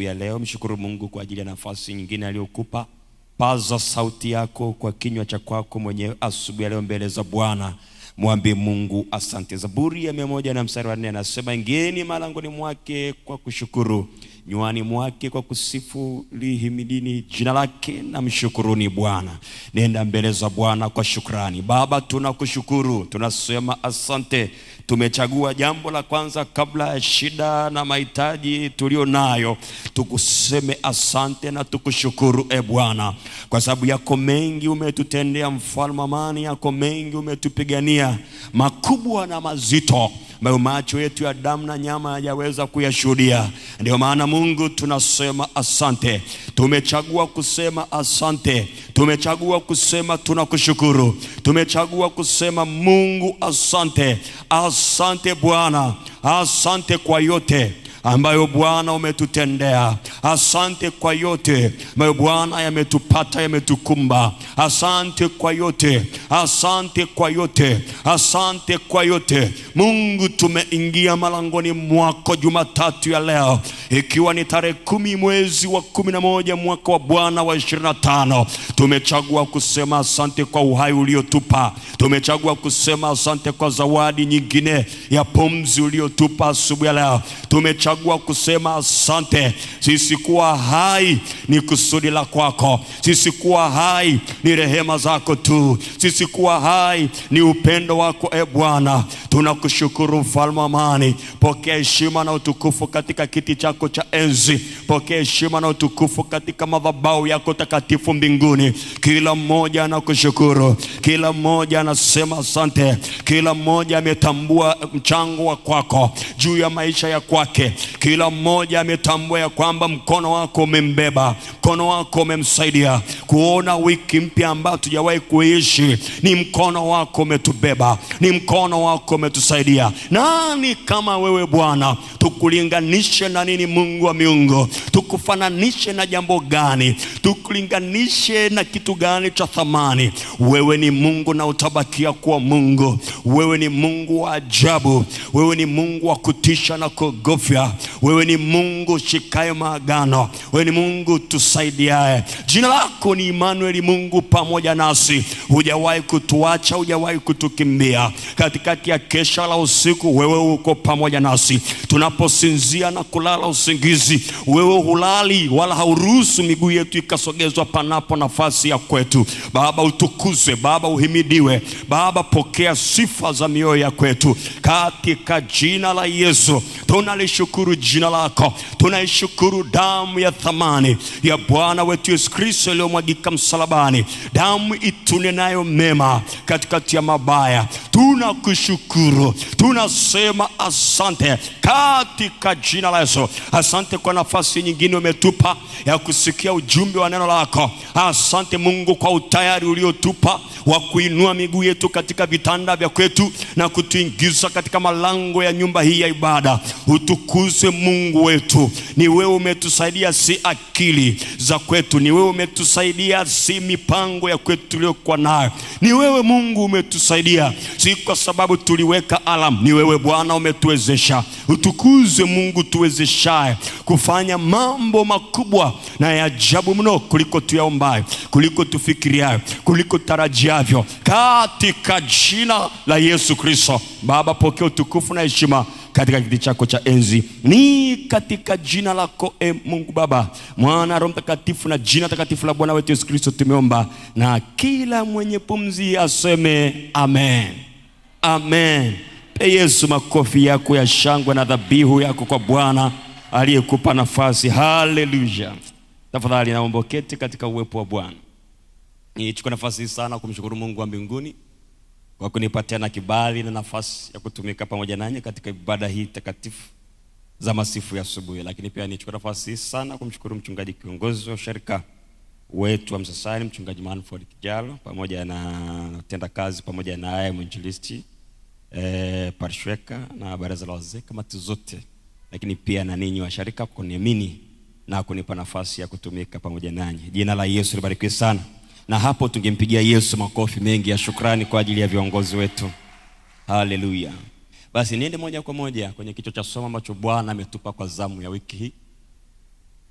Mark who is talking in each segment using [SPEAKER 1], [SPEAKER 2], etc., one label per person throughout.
[SPEAKER 1] ya leo. Mshukuru Mungu kwa ajili ya nafasi nyingine aliyokupa. Paza sauti yako kwa kinywa cha kwako mwenyewe asubuhi ya leo mbele za Bwana, mwambie Mungu asante. Zaburi ya mia moja na mstari wa nne anasema ingieni malangoni mwake kwa kushukuru, nywani mwake kwa kusifu, lihimidini jina lake na mshukuruni Bwana. Nenda mbele za Bwana kwa shukrani. Baba, tunakushukuru tunasema asante tumechagua jambo la kwanza, kabla ya shida na mahitaji tulio nayo, tukuseme asante na tukushukuru e Bwana, kwa sababu yako mengi umetutendea, mfalme amani, yako mengi umetupigania, makubwa na mazito ambayo macho yetu ya damu na nyama hayaweza kuyashuhudia. Ndio maana Mungu tunasema asante, tumechagua kusema asante, tumechagua kusema tunakushukuru, tumechagua kusema Mungu asante, asante. Asante Bwana, asante kwa yote ambayo Bwana umetutendea. Asante kwa yote ambayo Bwana yametupata, yametukumba. Asante kwa yote, asante kwa yote, asante kwa yote. Mungu, tumeingia malangoni mwako Jumatatu ya leo, ikiwa ni tarehe kumi mwezi wa kumi na moja mwaka wa Bwana wa ishirini na tano. Tumechagua kusema asante kwa uhai uliotupa, tumechagua kusema asante kwa zawadi nyingine ya pumzi uliotupa asubuhi ya leo. Tumechagua kuchagua kusema asante. Sisi kuwa hai ni kusudi la kwako, sisi kuwa hai ni rehema zako tu, sisi kuwa hai ni upendo wako. E Bwana, tunakushukuru mfalme wa amani. Pokea heshima na utukufu katika kiti chako cha enzi, pokea heshima na utukufu katika madhabahu yako takatifu mbinguni. Kila mmoja anakushukuru, kila mmoja anasema asante, kila mmoja ametambua mchango wa kwako juu ya maisha ya kwake, kila mmoja ametambua ya kwamba mkono wako umembeba, mkono wako umemsaidia kuona wiki mpya ambayo tujawahi kuishi. Ni mkono wako umetubeba, ni mkono wako umetusaidia. Nani kama wewe Bwana? Tukulinganishe na nini, Mungu wa miungu? Tukufananishe na jambo gani? Tukulinganishe na kitu gani cha thamani? Wewe ni Mungu na utabakia kuwa Mungu. Wewe ni Mungu wa ajabu, wewe ni Mungu wa kutisha na kuogofya. Wewe ni Mungu shikaye maagano, wewe ni Mungu tusaidiaye. Jina lako ni Emmanuel, Mungu pamoja nasi. Hujawahi kutuacha, hujawahi kutukimbia. Katikati ya kesha la usiku, wewe uko pamoja nasi. Tunaposinzia na kulala usingizi, wewe hulali wala hauruhusu miguu yetu ikasogezwa panapo nafasi ya kwetu. Baba utukuzwe, Baba uhimidiwe, Baba pokea sifa za mioyo ya kwetu, katika jina la Yesu tunalishukuru tunalishukuru jina lako, tunaishukuru damu ya thamani ya Bwana wetu Yesu Kristo iliyomwagika msalabani, damu itunenayo mema katikati ya mabaya. Tunakushukuru, tunasema asante katika jina la Yesu. Asante kwa nafasi nyingine umetupa ya kusikia ujumbe wa neno lako. Asante Mungu kwa utayari uliotupa wa kuinua miguu yetu katika vitanda vya kwetu na kutuingiza katika malango ya nyumba hii ya ibada. Utukuzi Tukuze Mungu wetu, ni wewe umetusaidia, si akili za kwetu, ni wewe umetusaidia, si mipango ya kwetu tuliyokuwa nayo, ni wewe Mungu umetusaidia, si kwa sababu tuliweka alam, ni wewe Bwana umetuwezesha. Utukuze Mungu tuwezeshaye kufanya mambo makubwa na ya ajabu mno kuliko tuyaombayo, kuliko tufikiriayo, kuliko tarajiavyo, katika jina la Yesu Kristo. Baba, pokea utukufu na heshima katika kiti chako cha enzi. Ni katika jina lako e Mungu Baba, Mwana, Roho Mtakatifu na jina takatifu la Bwana wetu Yesu Kristo tumeomba, na kila mwenye pumzi aseme amen, amen. Pe Yesu makofi yako ya shangwe na dhabihu yako kwa Bwana aliyekupa nafasi. Haleluya! Tafadhali naomba uketi katika uwepo wa Bwana. Nichukue nafasi sana kumshukuru Mungu wa mbinguni kwa kunipa tena kibali na nafasi ya kutumika pamoja nanyi katika ibada hii takatifu za masifu ya asubuhi. Lakini pia nichukua nafasi hii sana kumshukuru mchungaji kiongozi wa sharika wetu wa Msasani, mchungaji Manford Kijalo, pamoja na tenda kazi pamoja na yeye mwinjilisti eh, Parshweka na baraza la wazee, kamati zote, lakini pia na ninyi wa sharika kuniamini na kunipa nafasi ya kutumika pamoja nanyi. Jina la Yesu libarikiwe sana na hapo tungempigia Yesu makofi mengi ya shukrani kwa ajili ya viongozi wetu. Haleluya! Basi niende moja kwa moja kwenye kichwa cha somo ambacho Bwana ametupa kwa zamu ya wiki hii,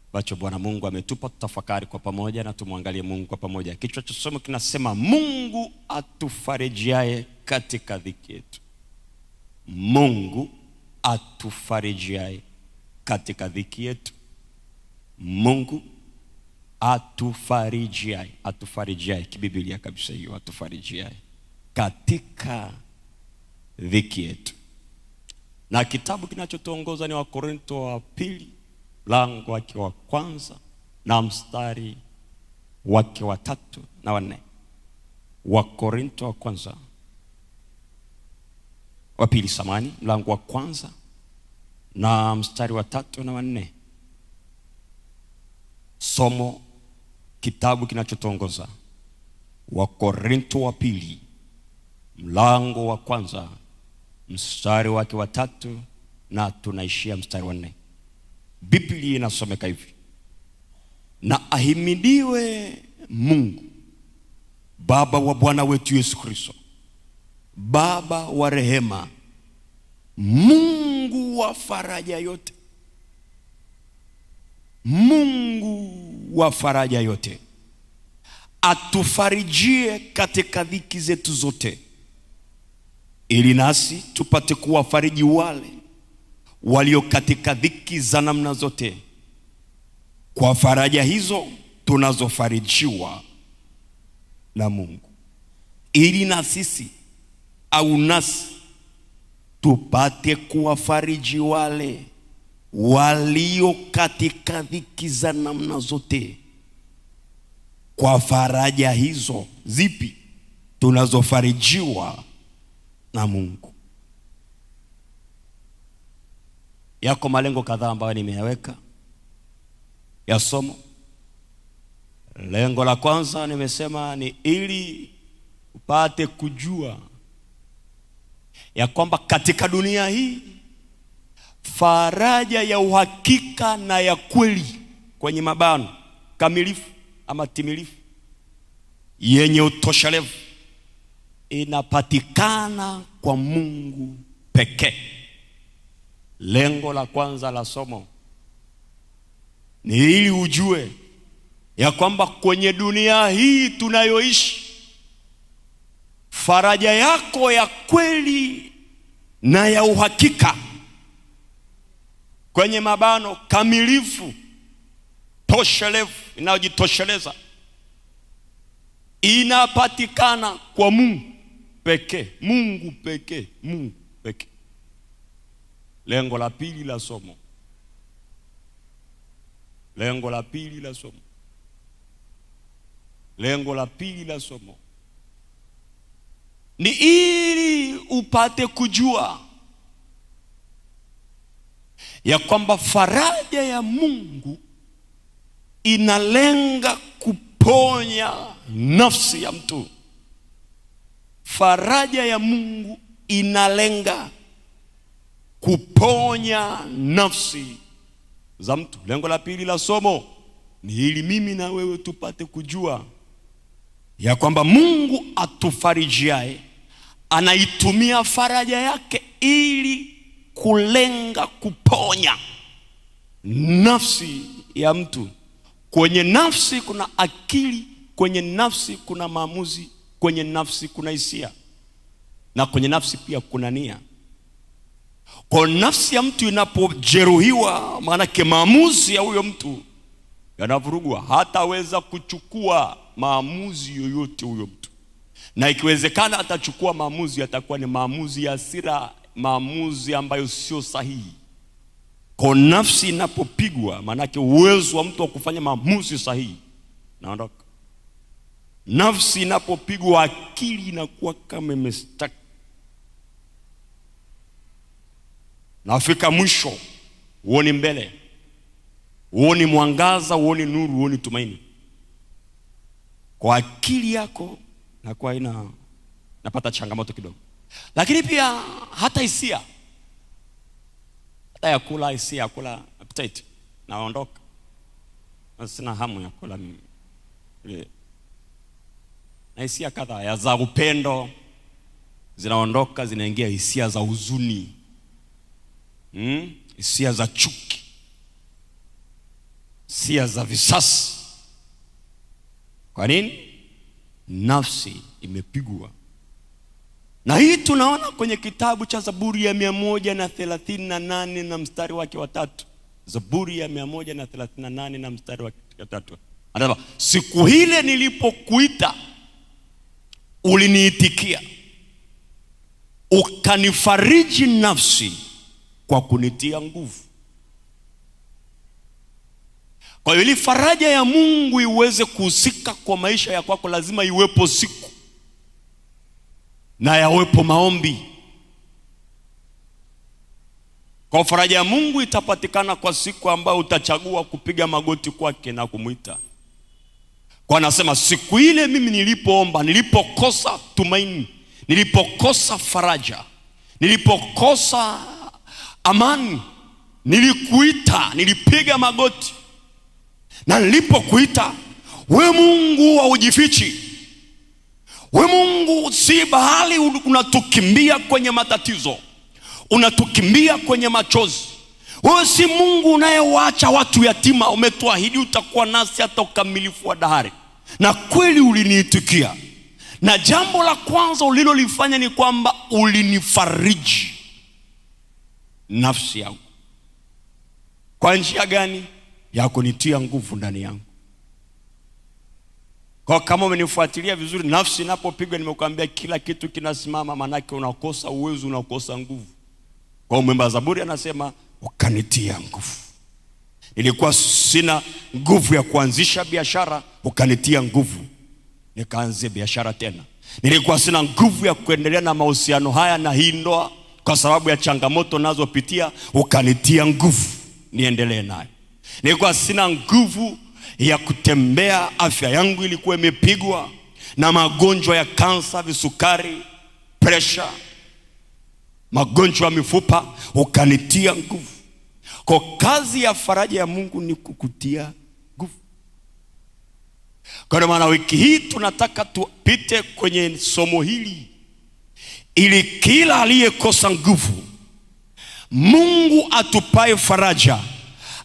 [SPEAKER 1] ambacho Bwana Mungu ametupa. Tutafakari kwa pamoja na tumwangalie Mungu kwa pamoja. Kichwa cha somo kinasema Mungu atufarijiae katika dhiki yetu. Mungu atufarijiae katika dhiki yetu. Mungu atufarijiai, atufarijiai, kibibilia kabisa hiyo, atufarijiai katika dhiki yetu. Na kitabu kinachotuongoza ni Wakorinto wa pili mlango wake wa kwanza na mstari wake wa tatu na wanne. Wakorinto wa kwanza wa pili, samani, mlango wa kwanza na mstari wa tatu na wanne, somo kitabu kinachotongoza korinto wa pili mlango wa kwanza mstari wake wa tatu na tunaishia mstari wa nne. Biblia inasomeka hivi: na ahimidiwe Mungu Baba wa Bwana wetu Yesu Kristo, Baba wa rehema, Mungu wa faraja yote, Mungu wa faraja yote, atufarijie katika dhiki zetu zote, ili nasi tupate kuwafariji wale walio katika dhiki za namna zote, kwa faraja hizo tunazofarijiwa na Mungu, ili na sisi au nasi tupate kuwafariji wale walio katika dhiki za namna zote, kwa faraja hizo zipi tunazofarijiwa na Mungu. Yako malengo kadhaa ambayo nimeyaweka ya somo. Lengo la kwanza nimesema ni ili upate kujua ya kwamba katika dunia hii faraja ya uhakika na ya kweli kwenye mabano kamilifu ama timilifu yenye utoshelevu inapatikana kwa Mungu pekee. Lengo la kwanza la somo ni ili ujue ya kwamba kwenye dunia hii tunayoishi, faraja yako ya kweli na ya uhakika kwenye mabano kamilifu, toshelevu, inayojitosheleza inapatikana kwa Mungu pekee, Mungu pekee, Mungu pekee. Lengo la pili la somo, lengo la pili la somo, lengo la pili la somo ni ili upate kujua ya kwamba faraja ya Mungu inalenga kuponya nafsi ya mtu. Faraja ya Mungu inalenga kuponya nafsi za mtu. Lengo la pili la somo ni ili mimi na wewe tupate kujua ya kwamba Mungu atufarijiae anaitumia faraja yake ili kulenga kuponya nafsi ya mtu. Kwenye nafsi kuna akili, kwenye nafsi kuna maamuzi, kwenye nafsi kuna hisia, na kwenye nafsi pia kuna nia. Kwa nafsi ya mtu inapojeruhiwa, maanake maamuzi ya huyo mtu yanavurugwa, hataweza kuchukua maamuzi yoyote huyo mtu, na ikiwezekana atachukua maamuzi, atakuwa ni maamuzi ya hasira maamuzi ambayo sio sahihi. Kwa nafsi inapopigwa, maanake uwezo wa mtu wa kufanya maamuzi sahihi naondoka. Nafsi inapopigwa, akili inakuwa kama imestak nafika mwisho, huoni mbele, huoni mwangaza, huoni nuru, huoni tumaini. Kwa akili yako nakuwa ina napata changamoto kidogo lakini pia hata hisia hata ya kula, hisia ya kula, appetite naondoka, sina hamu ya kula na hisia kadha ya za upendo zinaondoka, zinaingia hisia za huzuni hmm? hisia za chuki, hisia za visasi. Kwa nini? Nafsi imepigwa na hii tunaona kwenye kitabu cha Zaburi ya 138 na na na mstari wake wa tatu. Zaburi ya 138 na na na mstari wake wa tatu, anasema siku ile nilipokuita uliniitikia, ukanifariji nafsi kwa kunitia nguvu. Kwa hiyo ili faraja ya Mungu iweze kuhusika kwa maisha ya kwako, lazima iwepo siku na yawepo maombi. Kwa faraja ya Mungu itapatikana kwa siku ambayo utachagua kupiga magoti kwake na kumwita. Kwa anasema siku ile mimi nilipoomba, nilipokosa tumaini, nilipokosa faraja, nilipokosa amani, nilikuita, nilipiga magoti, na nilipokuita we Mungu haujifichi We Mungu, si bahali unatukimbia kwenye matatizo, unatukimbia kwenye machozi. Wewe si Mungu unayewacha watu yatima. Umetuahidi utakuwa nasi hata ukamilifu wa dahari, na kweli uliniitikia. Na jambo la kwanza ulilolifanya ni kwamba ulinifariji nafsi yangu. Kwa njia gani? Ya kunitia nguvu ndani yangu. Kwa kama umenifuatilia vizuri, nafsi inapopigwa, nimekuambia kila kitu kinasimama, manake unakosa uwezo, unakosa nguvu. Kwa mwimba Zaburi anasema ukanitia nguvu, nilikuwa sina nguvu ya kuanzisha biashara, ukanitia nguvu nikaanze biashara tena. Nilikuwa sina nguvu ya kuendelea na mahusiano haya na hii ndoa, kwa sababu ya changamoto nazopitia, ukanitia nguvu niendelee nayo. Nilikuwa sina nguvu ya kutembea, afya yangu ilikuwa imepigwa na magonjwa ya kansa, visukari, presha, magonjwa ya mifupa, ukanitia nguvu. Kwa kazi ya faraja ya Mungu ni kukutia nguvu. Kwa ndio maana wiki hii tunataka tupite kwenye somo hili ili kila aliyekosa nguvu Mungu atupae faraja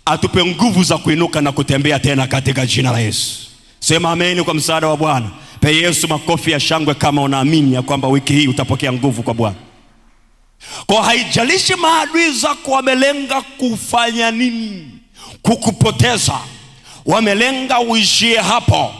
[SPEAKER 1] atupe nguvu za kuinuka na kutembea tena katika jina la Yesu. Sema ameni kwa msaada wa Bwana. Pe Yesu makofi ya shangwe kama unaamini ya kwamba wiki hii utapokea nguvu kwa Bwana. Kwa haijalishi maadui zako wamelenga kufanya nini, kukupoteza, wamelenga uishie hapo,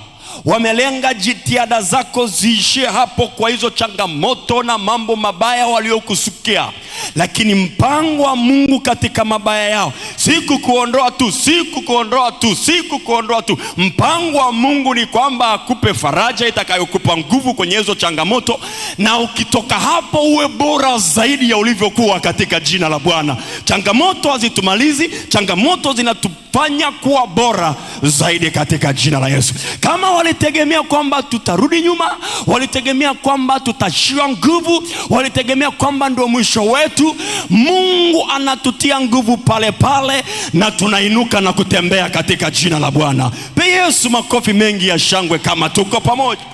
[SPEAKER 1] wamelenga jitihada zako ziishie hapo, kwa hizo changamoto na mambo mabaya waliokusukia lakini mpango wa Mungu katika mabaya yao si kukuondoa tu, si kukuondoa tu, si kukuondoa tu. Mpango wa Mungu ni kwamba akupe faraja itakayokupa nguvu kwenye hizo changamoto, na ukitoka hapo uwe bora zaidi ya ulivyokuwa, katika jina la Bwana. Changamoto hazitumalizi, changamoto zinatufanya kuwa bora zaidi katika jina la Yesu. Kama walitegemea kwamba tutarudi nyuma, walitegemea kwamba tutashiwa nguvu, walitegemea kwamba ndio mwisho wetu wetu, Mungu anatutia nguvu pale pale na tunainuka na kutembea katika jina la Bwana. Pe Yesu makofi mengi ya shangwe kama tuko pamoja.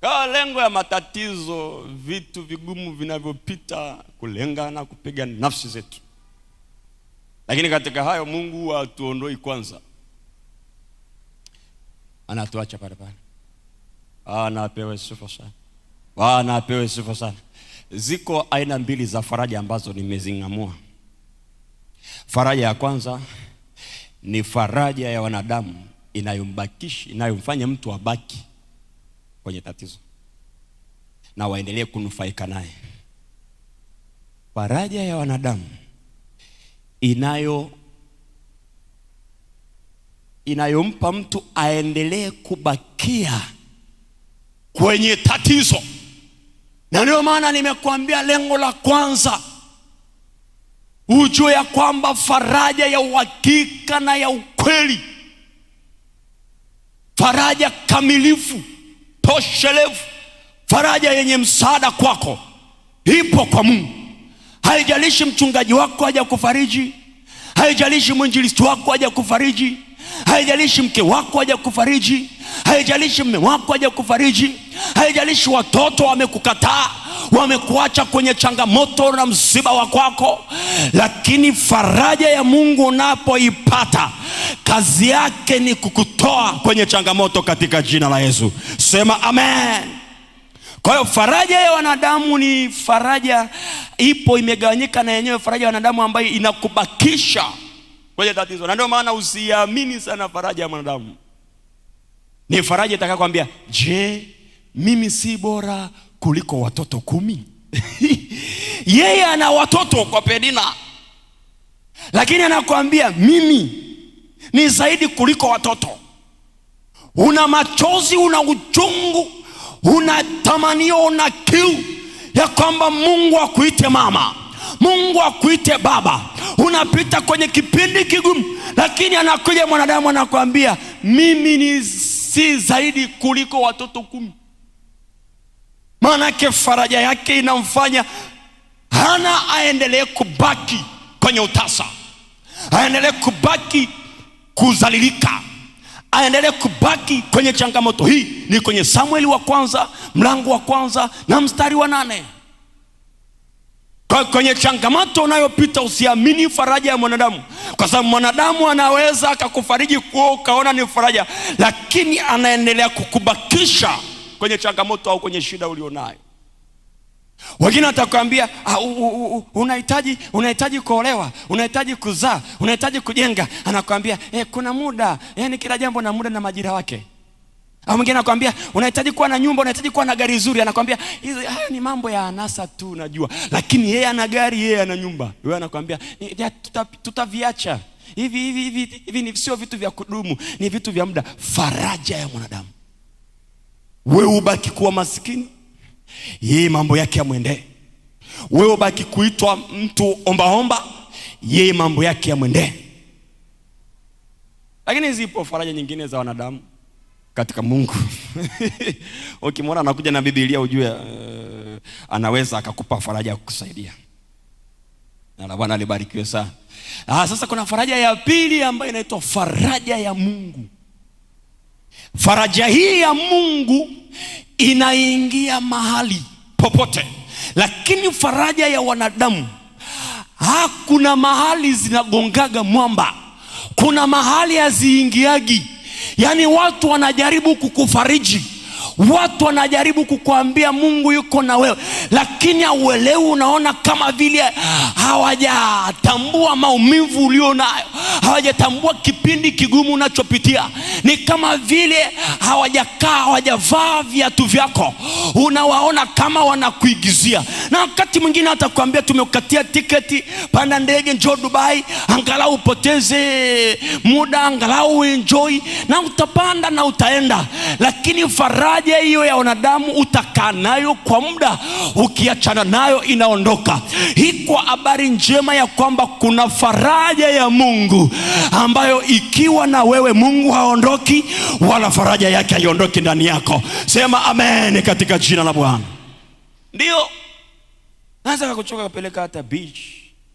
[SPEAKER 1] Kwa lengo ya matatizo, vitu vigumu vinavyopita kulenga na kupiga nafsi zetu, lakini katika hayo Mungu atuondoi kwanza, anatuacha pale pale. Anapewa sifa sana. Bwana apewe sifa sana. Ziko aina mbili za faraja ambazo nimezing'amua. Faraja ya kwanza ni faraja ya wanadamu inayombakishi, inayomfanya mtu abaki kwenye tatizo na waendelee kunufaika naye. Faraja ya wanadamu inayo inayompa mtu aendelee kubakia kwenye tatizo na ndio maana nimekuambia lengo la kwanza ujue ya kwamba faraja ya uhakika na ya ukweli, faraja kamilifu toshelevu, faraja yenye msaada kwako ipo kwa Mungu. Haijalishi mchungaji wako haja kufariji, haijalishi mwinjilisti wako haja kufariji, haijalishi mke wako haja kufariji haijalishi mme wako haja kufariji haijalishi watoto wamekukataa wamekuacha kwenye changamoto na msiba wa kwako lakini faraja ya mungu unapoipata kazi yake ni kukutoa kwenye changamoto katika jina la yesu sema amen kwa hiyo faraja ya wanadamu ni faraja ipo imegawanyika na yenyewe faraja ya wanadamu ambayo inakubakisha kwenye tatizo, na ndio maana usiamini sana faraja ya mwanadamu. Ni faraja itakayokwambia je, mimi si bora kuliko watoto kumi? Yeye ana watoto kwa Pedina, lakini anakuambia mimi ni zaidi kuliko watoto. Una machozi, una uchungu, una tamanio, una kiu ya kwamba Mungu akuite mama, Mungu akuite baba unapita kwenye kipindi kigumu, lakini anakuja mwanadamu anakuambia mimi ni si zaidi kuliko watoto kumi. Maanake faraja yake inamfanya hana aendelee kubaki kwenye utasa, aendelee kubaki kuzalilika, aendelee kubaki kwenye changamoto hii. Ni kwenye Samueli wa kwanza mlango wa kwanza na mstari wa nane kwenye changamoto unayopita usiamini faraja ya mwanadamu kwa sababu mwanadamu anaweza akakufariji kuo ukaona ni faraja lakini anaendelea kukubakisha kwenye changamoto au kwenye shida ulionayo wengine watakwambia ah, unahitaji unahitaji kuolewa unahitaji kuzaa unahitaji kujenga anakwambia eh, kuna muda yani eh, kila jambo na muda na majira wake au mwingine anakwambia unahitaji kuwa na nyumba unahitaji kuwa na gari zuri anakwambia haya ni mambo ya anasa tu najua lakini yeye ana gari yeye ana nyumba wewe anakwambia tutaviacha tuta hivi hivi hivi hivi ni sio vitu vya kudumu ni vitu vya muda faraja ya mwanadamu wewe ubaki kuwa maskini yeye mambo yake yamwendee wewe ubaki kuitwa mtu ombaomba yeye mambo yake yamwendee lakini zipo faraja nyingine za wanadamu katika Mungu. Ukimwona anakuja na Biblia ujue uh, anaweza akakupa faraja ya kukusaidia. Na Bwana alibarikiwe sana. Ah, sasa kuna faraja ya pili ambayo inaitwa faraja ya Mungu. Faraja hii ya Mungu inaingia mahali popote, lakini faraja ya wanadamu hakuna ah, mahali zinagongaga mwamba, kuna mahali haziingiagi yaani watu wanajaribu kukufariji watu watu wanajaribu kukuambia mungu yuko na wewe lakini hauelewi unaona kama vile hawajatambua maumivu ulio nayo hawajatambua kipindi kigumu unachopitia ni kama vile hawajakaa hawajavaa viatu vyako unawaona kama wanakuigizia na wakati mwingine watakuambia tumekatia tiketi panda ndege njo dubai angalau upoteze muda angalau enjoy na utapanda na utaenda lakini faraja hiyo ya wanadamu utakaa nayo kwa muda, ukiachana nayo inaondoka. Hii kwa habari njema ya kwamba kuna faraja ya Mungu ambayo ikiwa na wewe, Mungu haondoki wala faraja yake haiondoki ndani yako. Sema amen katika jina la Bwana. Ndio naweza kakuchoka kapeleka hata beach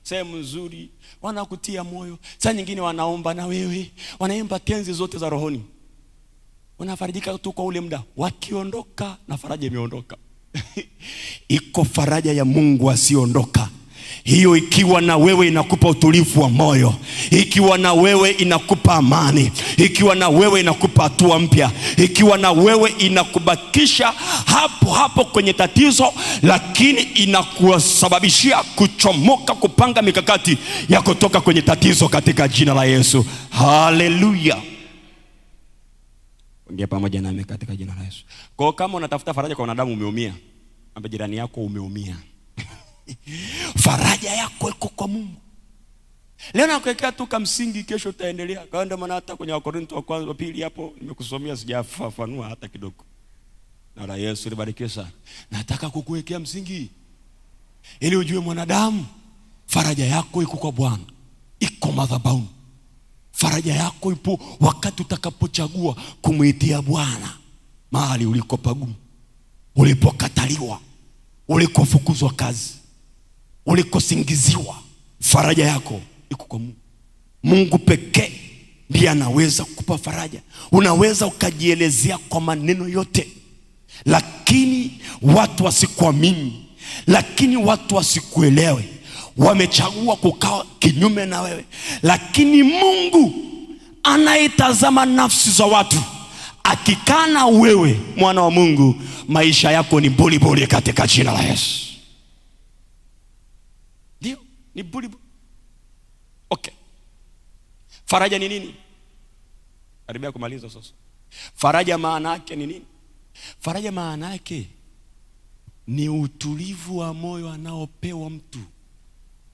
[SPEAKER 1] sehemu nzuri, wanakutia moyo, saa nyingine wanaomba na wewe, wanaimba tenzi zote za rohoni unafarijika tu kwa ule muda, wakiondoka na faraja imeondoka. Iko faraja ya Mungu asiondoka hiyo ikiwa na wewe inakupa utulivu wa moyo, ikiwa na wewe inakupa amani, ikiwa na wewe inakupa hatua mpya, ikiwa na wewe inakubakisha hapo hapo kwenye tatizo, lakini inakusababishia kuchomoka, kupanga mikakati ya kutoka kwenye tatizo katika jina la Yesu. Haleluya! Ongea pamoja nami katika jina la Yesu. Kwa hiyo kama unatafuta faraja kwa wanadamu, umeumia, ambe jirani yako umeumia. faraja yako iko kwa Mungu. Leo nakuwekea tu kamsingi, kesho utaendelea. Kwa ndio maana hata kwenye Wakorintho wa kwanza pili hapo nimekusomea, sijafafanua hata kidogo. Na la Yesu libariki sana. Nataka kukuwekea msingi ili ujue mwanadamu, faraja yako iko kwa Bwana, iko madhabahuni. Faraja yako ipo wakati utakapochagua kumwitia Bwana mahali uliko pagumu, ulipokataliwa, ulikofukuzwa kazi, ulikosingiziwa. Faraja yako iko kwa Mungu. Mungu pekee ndiye anaweza kukupa faraja. Unaweza ukajielezea kwa maneno yote, lakini watu wasikuamini, lakini watu wasikuelewe wamechagua kukaa kinyume na wewe, lakini Mungu anaitazama nafsi za watu. akikana wewe, mwana wa Mungu, maisha yako ni bulibuli katika jina la Yesu. Ndio, ni bulibuli. Okay, faraja ni nini? Karibia kumaliza sasa. Faraja maana yake ni nini? Faraja maana yake ni utulivu wa moyo anaopewa mtu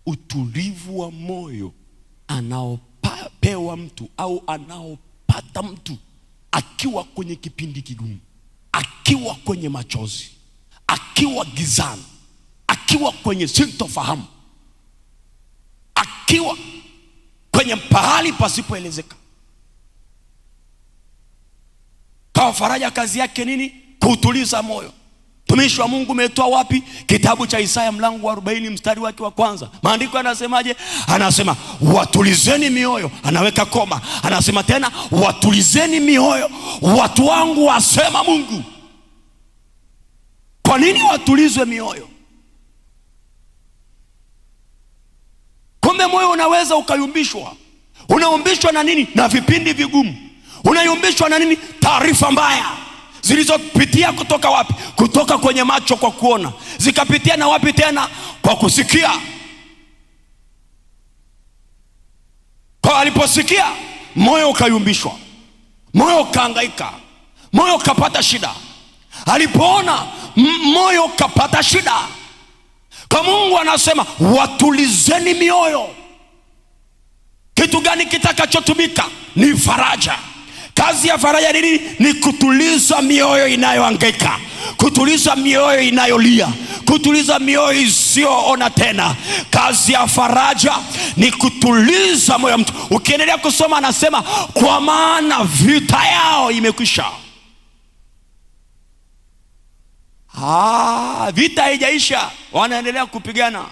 [SPEAKER 1] utulivu wa moyo anaopewa mtu au anaopata mtu akiwa kwenye kipindi kigumu, akiwa kwenye machozi, akiwa gizani, akiwa kwenye sintofahamu, akiwa kwenye pahali pasipoelezeka. Kawa faraja kazi yake nini? Kuutuliza moyo mtumishi wa mungu umetoa wapi kitabu cha isaya mlango wa 40 mstari wake wa kwanza maandiko anasemaje anasema watulizeni mioyo anaweka koma anasema tena watulizeni mioyo watu wangu wasema mungu kwa nini watulizwe mioyo kumbe moyo unaweza ukayumbishwa unaumbishwa na nini na vipindi vigumu unayumbishwa na nini taarifa mbaya zilizopitia kutoka wapi kutoka kwenye macho kwa kuona zikapitia na wapi tena kwa kusikia kwa aliposikia moyo ukayumbishwa moyo ukaangaika moyo ukapata shida alipoona moyo ukapata shida kwa mungu anasema watulizeni mioyo kitu gani kitakachotumika ni faraja kazi ya faraja nini ni kutuliza mioyo inayoangaika kutuliza mioyo inayolia kutuliza mioyo isiyoona tena kazi ya faraja ni kutuliza moyo mtu ukiendelea kusoma anasema kwa maana vita yao imekwisha ah, vita haijaisha, wanaendelea kupigana,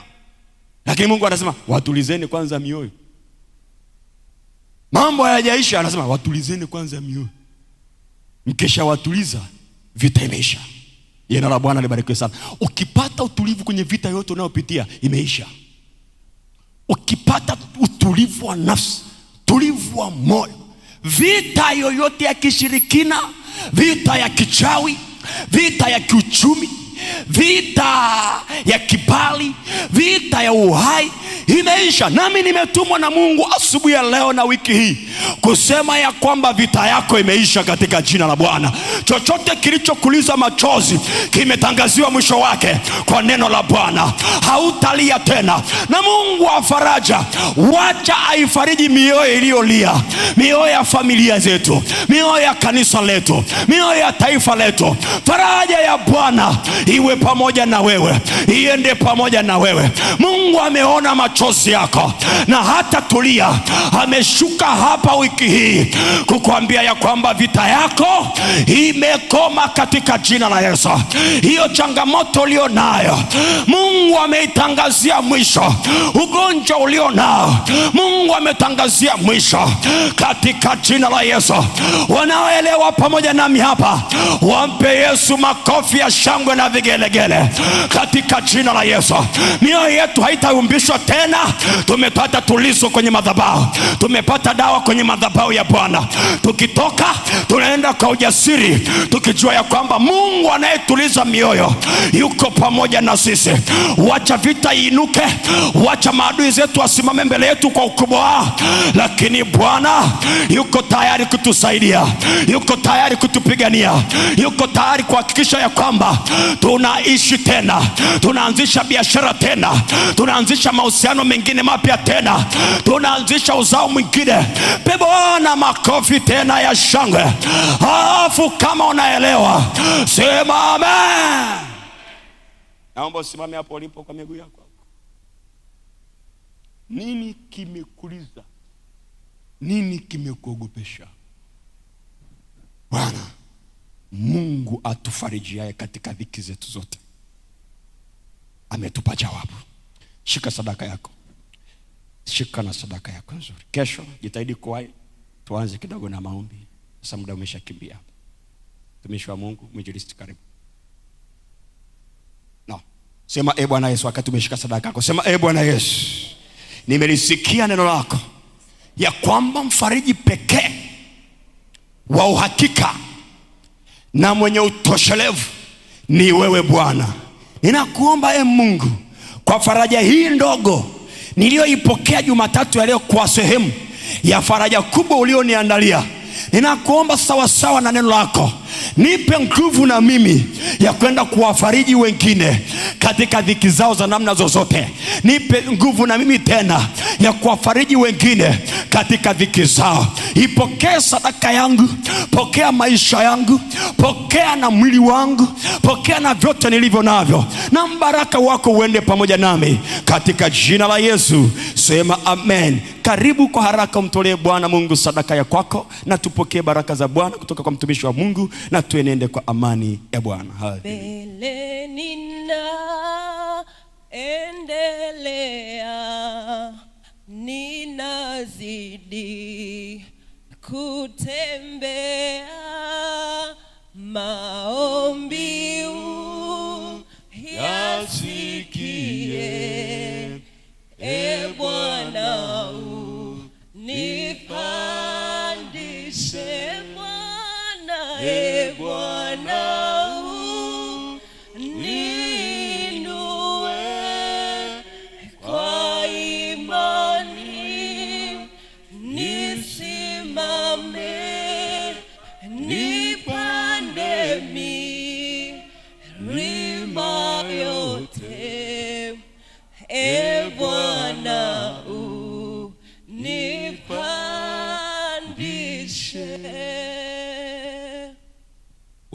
[SPEAKER 1] lakini Mungu anasema watulizeni kwanza mioyo mambo hayajaisha, anasema watulizeni kwanza mioyo, watuliza vita imeisha. Jina la Bwana libarikiwe sana. Ukipata utulivu kwenye vita yote unayopitia imeisha. Ukipata utulivu wa nafsi, utulivu wa moyo, vita yoyote ya kishirikina, vita ya kichawi, vita ya kiuchumi vita ya kibali, vita ya uhai imeisha. Nami nimetumwa na Mungu asubuhi ya leo na wiki hii kusema ya kwamba vita yako imeisha katika jina la Bwana. Chochote kilichokuliza machozi kimetangaziwa mwisho wake kwa neno la Bwana, hautalia tena. Na Mungu wa faraja, wacha aifariji mioyo iliyolia, mioyo ya familia zetu, mioyo ya kanisa letu, mioyo ya taifa letu. Faraja ya Bwana iwe pamoja na wewe iende pamoja na wewe mungu ameona machozi yako na hata tulia ameshuka hapa wiki hii kukuambia ya kwamba vita yako imekoma katika jina la yesu hiyo changamoto ulio nayo mungu ameitangazia mwisho ugonjwa ulio nao mungu ametangazia mwisho katika jina la yesu wanaoelewa pamoja nami hapa wampe yesu makofi ya shangwe na vigelegele katika jina la Yesu. Mioyo yetu haitaumbishwa tena. Tumepata tulizo kwenye madhabahu, tumepata dawa kwenye madhabahu ya Bwana. Tukitoka tunaenda kwa ujasiri, tukijua ya kwamba Mungu anayetuliza mioyo yuko pamoja na sisi. Wacha vita iinuke, wacha maadui zetu wasimame mbele yetu kwa ukubwa wao, lakini Bwana yuko tayari kutusaidia, yuko tayari kutupigania, yuko tayari kuhakikisha ya kwamba tunaishi tena tunaanzisha biashara tena tunaanzisha mahusiano mengine mapya tena tunaanzisha uzao mwingine pebona makofi tena ya shangwe alafu kama unaelewa simame. naomba usimame hapo ulipo kwa miguu yako nini kimekuliza nini kimekuogopesha bwana Mungu atufarijiaye katika dhiki zetu zote ametupa jawabu. Shika sadaka yako, shika na sadaka yako nzuri. Kesho jitahidi kuwai Tuanze kidogo na maombi sasa, muda umeshakimbia. Mtumishi wa Mungu, mwinjilisti, karibu. No, sema e Bwana Yesu, wakati umeshika sadaka yako sema e Bwana Yesu, nimelisikia neno lako ya kwamba mfariji pekee wa uhakika na mwenye utoshelevu ni wewe Bwana. Ninakuomba e Mungu, kwa faraja hii ndogo niliyoipokea Jumatatu ya leo, kwa sehemu ya faraja kubwa ulioniandalia ninakuomba sawasawa na neno lako, nipe nguvu na mimi ya kwenda kuwafariji wengine katika dhiki zao za namna zozote. Nipe nguvu na mimi tena ya kuwafariji wengine katika dhiki zao. Ipokee sadaka yangu, pokea maisha yangu, pokea na mwili wangu, pokea na vyote nilivyo navyo, na mbaraka wako uende pamoja nami katika jina la Yesu. Sema amen karibu kwa haraka umtolee Bwana Mungu sadaka ya kwako, na tupokee baraka za Bwana kutoka kwa mtumishi wa Mungu, na tuenende kwa amani ya Bwana.
[SPEAKER 2] Mbele ninaendelea, ninazidi kutembea maombi yasikie e Bwana unipandishe Bwana e Bwana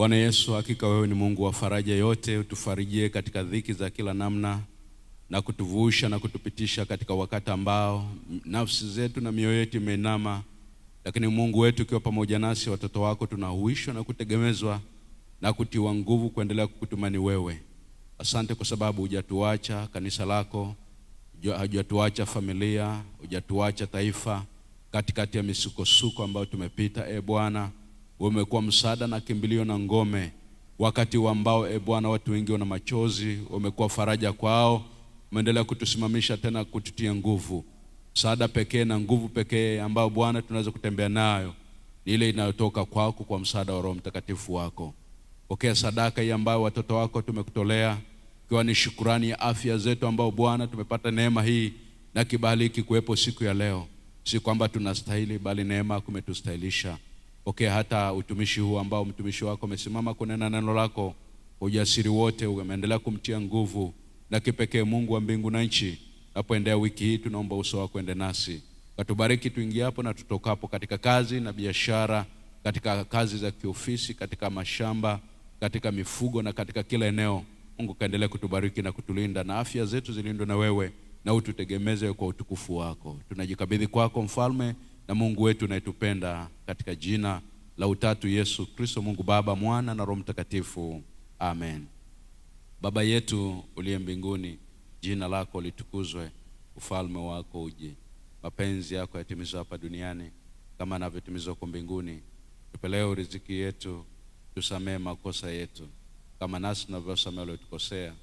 [SPEAKER 1] Bwana Yesu, hakika wewe ni Mungu wa faraja yote, utufarijie katika dhiki za kila namna na kutuvusha na kutupitisha katika wakati ambao nafsi zetu na mioyo yetu imeinama, lakini Mungu wetu, ukiwa pamoja nasi, watoto wako, tunahuishwa na kutegemezwa na kutiwa nguvu kuendelea kukutumani wewe. Asante kwa sababu hujatuacha kanisa lako, hujatuacha familia, hujatuacha taifa katikati ya misukosuko ambayo tumepita. E Bwana, wamekuwa msaada na kimbilio na ngome, wakati ambao e Bwana, watu wengi wana machozi, wamekuwa faraja kwao. Umeendelea kutusimamisha tena, kututia nguvu. Msaada pekee na nguvu pekee ambayo Bwana tunaweza kutembea nayo ni ile inayotoka kwako, kwa msaada wa Roho Mtakatifu wako. Pokea sadaka hii ambayo watoto wako tumekutolea, ikiwa ni shukurani ya afya zetu, ambao Bwana tumepata neema hii na kibali hiki kuwepo siku ya leo, si kwamba tunastahili, bali neema kumetustahilisha. Pokea okay, hata utumishi huu ambao mtumishi wako amesimama kunena neno lako, ujasiri wote umeendelea kumtia nguvu na kipekee. Mungu wa mbingu na nchi, napoendea wiki hii, tunaomba uso wako ende nasi, katubariki tuingie hapo na tutokapo, katika kazi na biashara, katika kazi za kiofisi, katika mashamba, katika mifugo na katika kila eneo. Mungu kaendelea kutubariki na kutulinda, na afya zetu zilindwe na wewe, na ututegemeze kwa utukufu wako. Tunajikabidhi kwako mfalme na Mungu wetu unayetupenda katika jina la utatu Yesu Kristo, Mungu Baba, Mwana na Roho Mtakatifu, amen. Baba yetu uliye mbinguni, jina lako litukuzwe, ufalme wako uje, mapenzi yako yatimizwe hapa duniani kama anavyotimizwa huko mbinguni. Tupe leo riziki yetu, tusamee makosa yetu kama nasi tunavyowasamehe waliotukosea,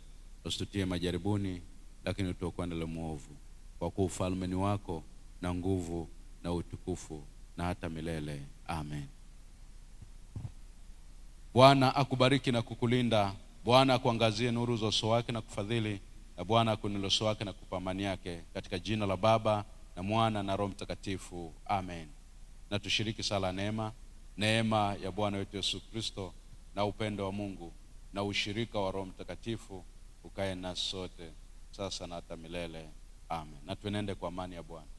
[SPEAKER 1] usitutie majaribuni, lakini utuokoe na yule mwovu, kwa kuwa ufalme ni wako na nguvu na utukufu na hata milele amen. Bwana akubariki na kukulinda. Bwana akuangazie nuru za uso wake na kufadhili, na Bwana akuinulie wake na kupa amani yake. Katika jina la Baba na Mwana na Roho Mtakatifu, amen. Na tushiriki sala neema. Neema ya Bwana wetu Yesu Kristo na upendo wa Mungu na ushirika wa Roho Mtakatifu ukae nasi sote sasa na hata milele amen. Na tuenende kwa amani ya Bwana.